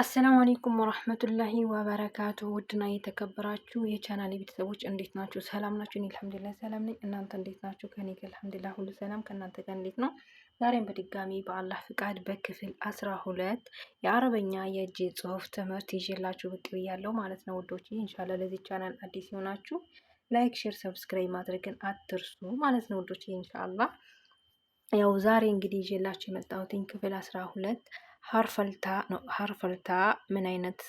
አሰላሙ አሌይኩም ወራህመቱላሂ ወበረካቱ። ውድና የተከበራችሁ የቻናል ቤተሰቦች እንዴት ናችሁ? ሰላም ናችሁ? እኔ አልሐምዱሊላህ ሰላም ነኝ። እናንተ እንዴት ናችሁ? ከኔ ጋር አልሐምዱሊላህ ሁሉ ሰላም። ከእናንተ ጋር እንዴት ነው? ዛሬም በድጋሚ በአላህ ፍቃድ በክፍል አስራ ሁለት የአረበኛ የእጅ ጽሁፍ ትምህርት ይዤላችሁ ብቅ ብያለሁ ማለት ነው ውዶች። ኢንሻላህ ለዚህ ቻናል አዲስ የሆናችሁ ላይክ፣ ሼር፣ ሰብስክራይብ ማድረግን አትርሱ ማለት ነው ውዶች። ኢንሻላህ ያው ዛሬ እንግዲህ ይዤላችሁ የመጣሁትኝ ክፍል አስራ ሁለት ሀርፈልታ ነው። ሀርፈልታ ምን አይነት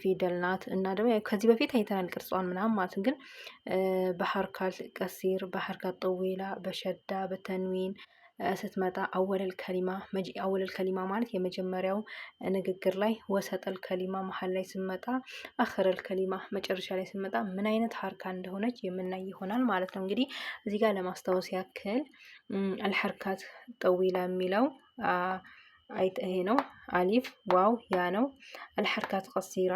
ፊደል ናት? እና ደግሞ ከዚህ በፊት አይተናል ቅርጿን ምናምን ማለት ግን በሀርካል ቀሲር፣ በሀርካል ጠዌላ፣ በሸዳ፣ በተንዊን ስትመጣ አወለል ከሊማ አወለል ከሊማ ማለት የመጀመሪያው ንግግር ላይ ወሰጠል ከሊማ መሀል ላይ ስመጣ አኸረል ከሊማ መጨረሻ ላይ ስመጣ ምን አይነት ሀርካ እንደሆነች የምናይ ይሆናል ማለት ነው። እንግዲህ እዚህ ጋር ለማስታወስ ያክል አልሐርካት ጠዊላ የሚለው አይት ይሄ ነው። አሊፍ ዋው ያ ነው። አልሐርካት ቀሲራ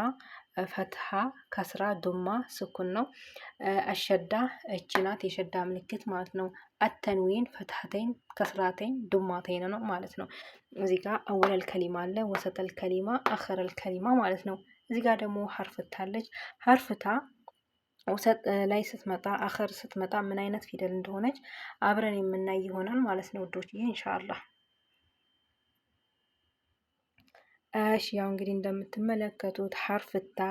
ፈትሃ ከስራ ዱማ ስኩን ነው። አሸዳ እችናት የሸዳ ምልክት ማለት ነው። አተንዊን ፈትሐተይን ከስራተይን ዱማተይን ነው ማለት ነው። እዚህ ጋር አወለል ከሊማ አለ ወሰጠል ከሊማ አኸረል ከሊማ ማለት ነው። እዚህ ጋር ደግሞ ሀርፍታለች ሀርፍታ ውሰጥ ላይ ስትመጣ አኸር ስትመጣ ምን አይነት ፊደል እንደሆነች አብረን የምናይ ይሆናል ማለት ነው ውዶች ይህ ኢንሻአላህ እሺ ያው እንግዲህ እንደምትመለከቱት ሀርፍታ ታ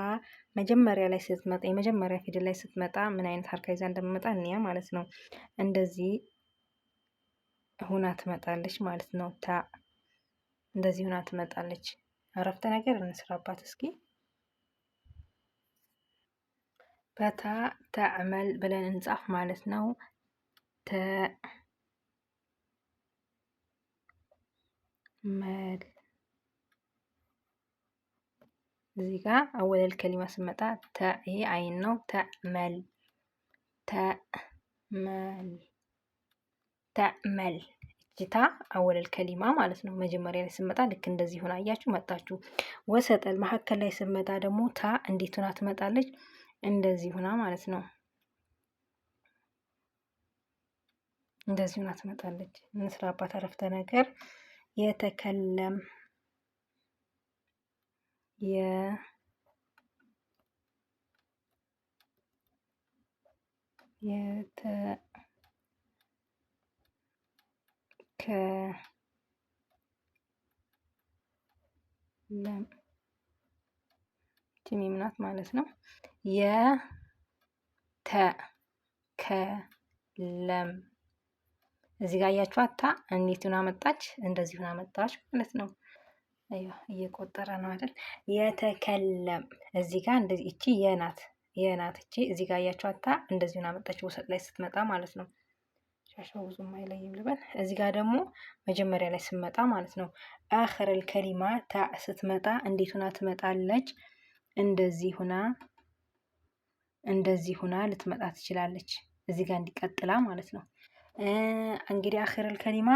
መጀመሪያ ላይ ስትመጣ የመጀመሪያ ፊደል ላይ ስትመጣ ምን አይነት ሐርካ ይዛ እንደምመጣ እንያ ማለት ነው። እንደዚህ ሁና ትመጣለች ማለት ነው። ታ እንደዚህ ሁና ትመጣለች። አረፍተ ነገር እንስራባት እስኪ። በታ ተዕመል ብለን እንጻፍ ማለት ነው። መል እዚህ ጋር አወለል ከሊማ ስመጣ ተ ይሄ አይን ነው። ተመል ተመል ተመል እጅታ አወለል ከሊማ ማለት ነው። መጀመሪያ ላይ ስመጣ ልክ እንደዚህ ሆና አያችሁ መጣችሁ። ወሰጠል መካከል ላይ ስመጣ ደግሞ ታ እንዴት ሆና ትመጣለች? እንደዚህ ሆና ማለት ነው። እንደዚህ ሆና ትመጣለች። እንስራባት አረፍተ ነገር የተከለም የ የተከለም ሚም ናት ማለት ነው። የተከለም እዚህ ጋር አያችኋት ታ እንዴት ሆና መጣች? እንደዚህ ሆና መጣች ማለት ነው። እየቆጠረ ነው አይደል? የተከለም እዚህ ጋር እንደዚህ እቺ የናት የናት እቺ እዚህ ጋር እያቸዋታ እንደዚሁን አመጣች ውሰጥ ላይ ስትመጣ ማለት ነው። ሻሻው ብዙም አይለይም ልበል። እዚህ ጋር ደግሞ መጀመሪያ ላይ ስትመጣ ማለት ነው። አኽረል ከሊማ ታ ስትመጣ እንዴት ሁና ትመጣለች? እንደዚህ ሁና እንደዚህ ሁና ልትመጣ ትችላለች። እዚህ ጋር እንዲቀጥላ ማለት ነው። እንግዲህ አኽረል ከሊማ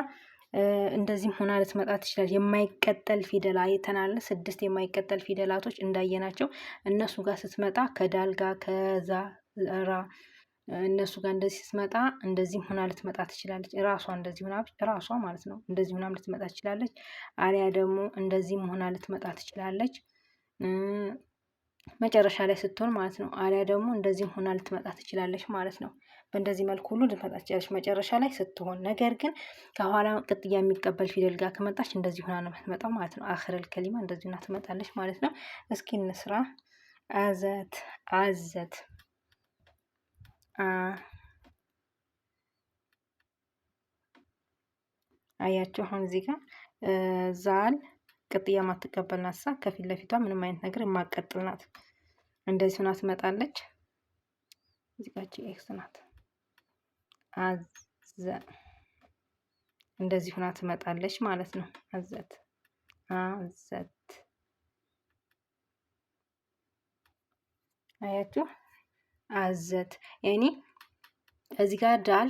እንደዚህም ሆና ልትመጣ ትችላል። የማይቀጠል ፊደል አይተናል። ስድስት የማይቀጠል ፊደላቶች እንዳየናቸው እነሱ ጋር ስትመጣ ከዳልጋ ከዛ ራ እነሱ ጋር እንደዚህ ስትመጣ እንደዚህም ሆና ልትመጣ ትችላለች። ራሷ እንደዚህ ሆና ራሷ ማለት ነው እንደዚህ ሆናም ልትመጣ ትችላለች። አሊያ ደግሞ እንደዚህም ሆና ልትመጣ ትችላለች። መጨረሻ ላይ ስትሆን ማለት ነው። አሊያ ደግሞ እንደዚህም ሆና ልትመጣ ትችላለች ማለት ነው። በእንደዚህ መልኩ ሁሉ ልትመጣ መጨረሻ ላይ ስትሆን። ነገር ግን ከኋላ ቅጥያ የሚቀበል ፊደል ጋር ከመጣች እንደዚህ ሆና ነው የምትመጣው ማለት ነው። አክረል ከሊማ እንደዚህ ሆና ትመጣለች ማለት ነው። እስኪ እንስራ። አዘት አዘት አያቸው አሁን እዚህ ጋር ዛል ቅጥያ ማትቀበል ናሳ ከፊት ለፊቷ ምንም አይነት ነገር የማቀጥል ናት። እንደዚህ ሆና ትመጣለች። እዚህ ጋር ኤክስ ናት። አዘ እንደዚህ ሁና ትመጣለች ማለት ነው። አዘት አዘት አያችሁ፣ አዘት ያኒ እዚህ ጋር ዳል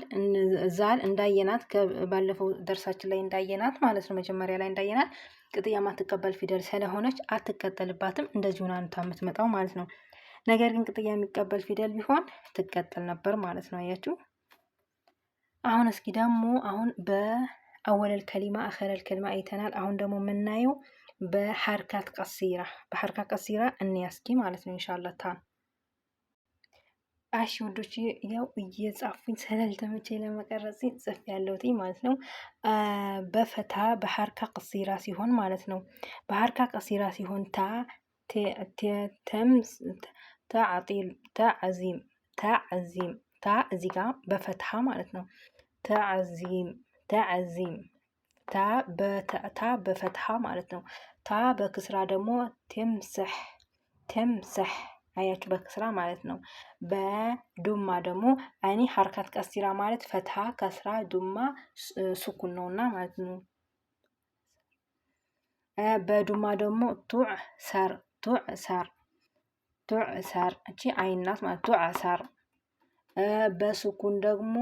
ዛል እንዳየናት ባለፈው ደርሳችን ላይ እንዳየናት ማለት ነው። መጀመሪያ ላይ እንዳየናት ቅጥያ ማትቀበል ፊደል ስለሆነች አትቀጠልባትም። እንደዚህ ሁና የምትመጣው ማለት ነው። ነገር ግን ቅጥያ የሚቀበል ፊደል ቢሆን ትቀጠል ነበር ማለት ነው። አያችሁ። አሁን እስኪ ደግሞ አሁን በአወለል ከሊማ አኸለል ከሊማ አይተናል። አሁን ደግሞ የምናየው በሐርካት ቀሲራ በሐርካት ቀሲራ እንያስኪ ማለት ነው ኢንሻአላ ታን አሺ ወዶች ያው እየጻፉኝ ስላልተመቼ ለመቀረጽ ጽፍ ያለሁት ማለት ነው። በፈታ በሐርካ ቀሲራ ሲሆን ማለት ነው። በሐርካ ቀሲራ ሲሆን ታ ተምስ ተዓጢል ተዓዚም ተዓዚም ታ እዚህ ጋር በፈትሐ ማለት ነው። ተዓዚም ተዓዚም ታ በታ በፈትሐ ማለት ነው። ታ በክስራ ደግሞ ትምስሕ ትምስሕ አያችሁ በክስራ ማለት ነው። በዱማ ደግሞ እኔ ሓርካት ቀሲራ ማለት ፈትሓ ከስራ ዱማ ሱኩን ነውና ማለት ነው። በዱማ ደግሞ ቱዕ ሰር ቱዕ ሰር ቱዕሳር እቺ አይን ማለት ቱዕሰር። በሱኩን ደግሞ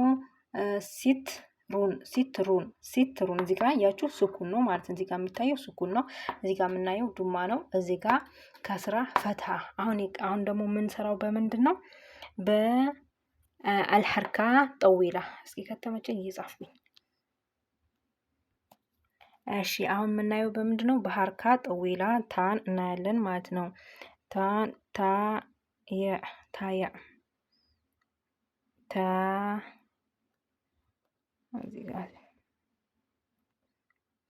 ሲት ሩን ሲት ሩን ሲት ሩን እዚህ ጋር ያችሁ ስኩን ነው ማለት እዚህ ጋር የሚታየው ስኩን ነው። እዚህ ጋር የምናየው ዱማ ነው። እዚህ ጋር ከስራ ፈታ። አሁን አሁን ደግሞ የምንሰራው በምንድን ነው? በአልሐርካ ጠዊላ። እስኪ ከተመቸ እየጻፍኩኝ። እሺ አሁን የምናየው በምንድን ነው? በሀርካ ጠዊላ ታን እናያለን ማለት ነው። ታየ ታየ ታ እዚህ ጋር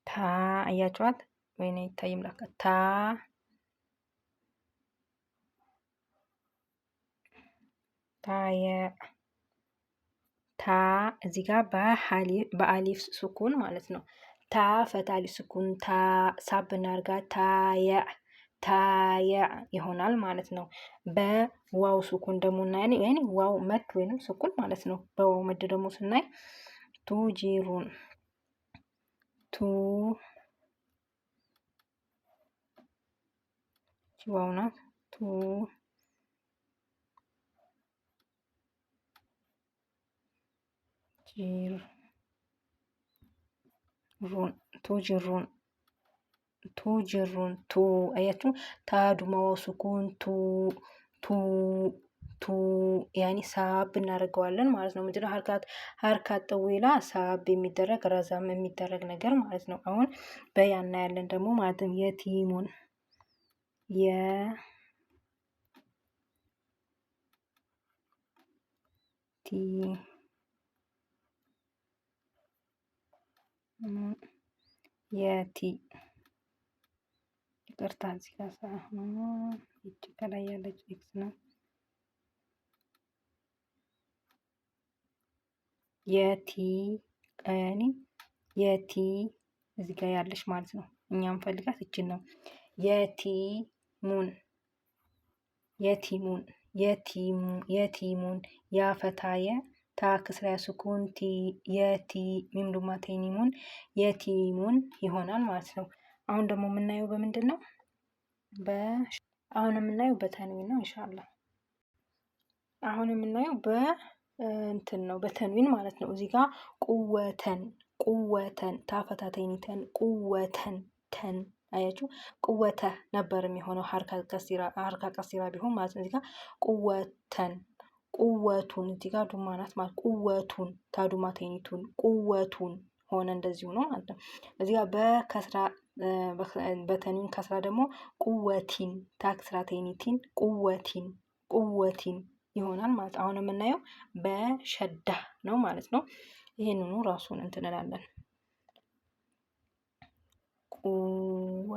ታ እያቸዋት ወይኔ ይታይም ላካ ታ ታየ ታ እዚህ ጋር በአሊፍ ስኩን ማለት ነው። ታ ፈታሊ ስኩን ታ ሳብና እርጋ ታየ ታየ ይሆናል ማለት ነው። በዋው ሱኩን ደግሞ እናያ ያኔ ዋው መድ ወይንም ሱኩን ማለት ነው። በዋው መድ ደግሞ ስናይ ቱጂሩን ቱ ዋው ናት ቱ ቱጂሩን ቱጅሩን ቱ አያችሁ ታዱማው ሱኩን ቱ ቱ ቱ ያኒ ሳብ እናደርገዋለን ማለት ነው። ምንድነው ሀርካት ሀርካት ጠዌላ ሳብ የሚደረግ ረዛም የሚደረግ ነገር ማለት ነው። አሁን በያና ያለን ደግሞ ማለት ነው የቲሙን የ ቲ የቲ ይቅርታ እዚህ ጋር ሳይሆን ይቺ ከላይ ያለች ኤክስ ነው። የቲ ያኔ የቲ እዚህ ጋር ያለች ማለት ነው። እኛም ፈልጋት እችን ነው። የቲሙን የቲሙን የቲሙን ያፈታየ ታክስራ ሱኩንቲ የቲ ሚምዱማቴኒሙን የቲሙን ይሆናል ማለት ነው። አሁን ደግሞ የምናየው በምንድን ነው? አሁን የምናየው በተንዊን ነው። እንሻላ አሁን የምናየው በእንትን ነው በተንዊን ማለት ነው። እዚህ ጋር ቁወተን ቁወተን ታፈታተኝተን ቁወተን ተን አያችሁ ቁወተ ነበር የሚሆነው ሀርካ ቀሲራ ቢሆን ማለት ነው። እዚህ ጋር ቁወተን ቁወቱን እዚህ ጋር ዱማ ናት ማለት ቁወቱን ታዱማ ተኝቱን ቁወቱን ሆነ እንደዚሁ ነው ማለት ነው። እዚህ ጋር በከስራ በተኒን ከስራ ደግሞ ቁወቲን ታክስራቴኒቲን ቁወቲን ቁወቲን ይሆናል ማለት አሁን የምናየው በሸዳ ነው ማለት ነው። ይህንኑ ራሱን እንትንላለን ቁወ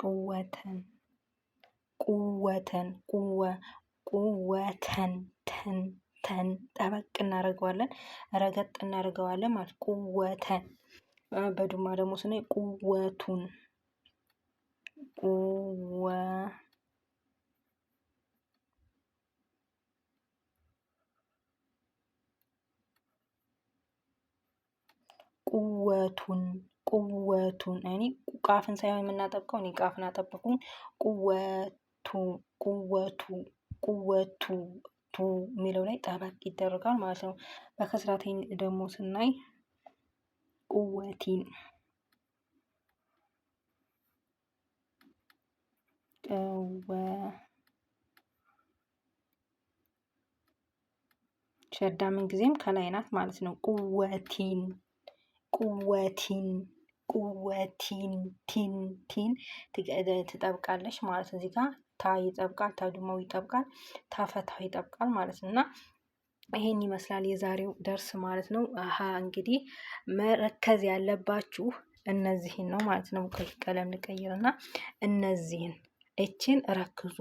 ቁወተን ቁወተን ቁወ ቁወተን ተን ተን ጠበቅ እናደርገዋለን፣ ረገጥ እናደርገዋለን ማለት ቁወተን። በዱማ ደግሞ ስናይ ቁወቱን ቁወቱን ቁወቱን እኔ ቃፍን ሳይሆን የምናጠብቀው እኔ ቃፍን አጠብቁኝ ቁወቱ ቁወቱ ቁወቱ ቱ የሚለው ላይ ጠበቅ ይደረጋል ማለት ነው። በከስራቴን ደግሞ ስናይ ቁወቲን ሸዳምን ሸዳ ምን ጊዜም ከላይ ናት ማለት ነው። ቁወቲን ቁወቲን ቁወቲን ቲን ቲን ትጠብቃለች ማለት ነው። እዚህ ጋር ታ ይጠብቃል፣ ታድመው ይጠብቃል፣ ታፈታ ይጠብቃል ማለት ነው እና ይሄን ይመስላል የዛሬው ደርስ ማለት ነው። እንግዲህ መረከዝ ያለባችሁ እነዚህን ነው ማለት ነው። ቀለም ልቀይርና እነዚህን እችን ረክዙ።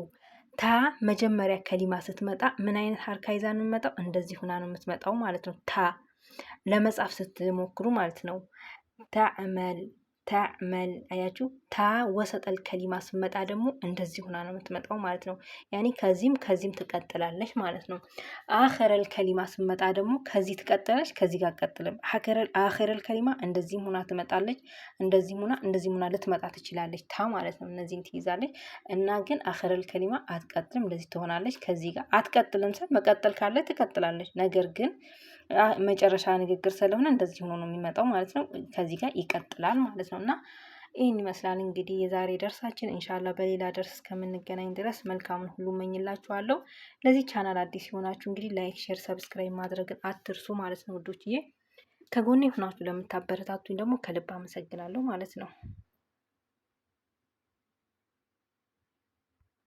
ታ መጀመሪያ ከሊማ ስትመጣ ምን አይነት ሀርካ ይዛ ነው የምትመጣው? እንደዚህ ሁና ነው የምትመጣው ማለት ነው። ታ ለመጻፍ ስትሞክሩ ማለት ነው። ተዕመል ተዕመል አያችሁ። ታ ወሰጠል ከሊማ ስመጣ ደግሞ እንደዚህ ሆና ነው የምትመጣው ማለት ነው። ያኔ ከዚህም ከዚህም ትቀጥላለች ማለት ነው። አኸረል ከሊማ ስመጣ ደግሞ ከዚህ ትቀጥላለች፣ ከዚህ ጋር ቀጥልም። አኸረል ከሊማ እንደዚህም ሆና ትመጣለች፣ እንደዚህም ሆና እንደዚህም ሆና ልትመጣ ትችላለች። ታ ማለት ነው። እነዚህን ትይዛለች እና ግን አኸረል ከሊማ አትቀጥልም፣ እንደዚህ ትሆናለች። ከዚህ ጋር አትቀጥልም ስል መቀጠል ካለ ትቀጥላለች። ነገር ግን መጨረሻ ንግግር ስለሆነ እንደዚህ ሆኖ ነው የሚመጣው ማለት ነው። ከዚህ ጋር ይቀጥላል ማለት ነው እና ይህን ይመስላል እንግዲህ የዛሬ ደርሳችን። እንሻላ በሌላ ደርስ እስከምንገናኝ ድረስ መልካሙን ሁሉ መኝላችኋለሁ። ለዚህ ቻናል አዲስ የሆናችሁ እንግዲህ ላይክ፣ ሼር፣ ሰብስክራይብ ማድረግን አትርሱ ማለት ነው ውዶችዬ። ከጎኔ ሆናችሁ ለምታበረታቱኝ ደግሞ ከልብ አመሰግናለሁ ማለት ነው።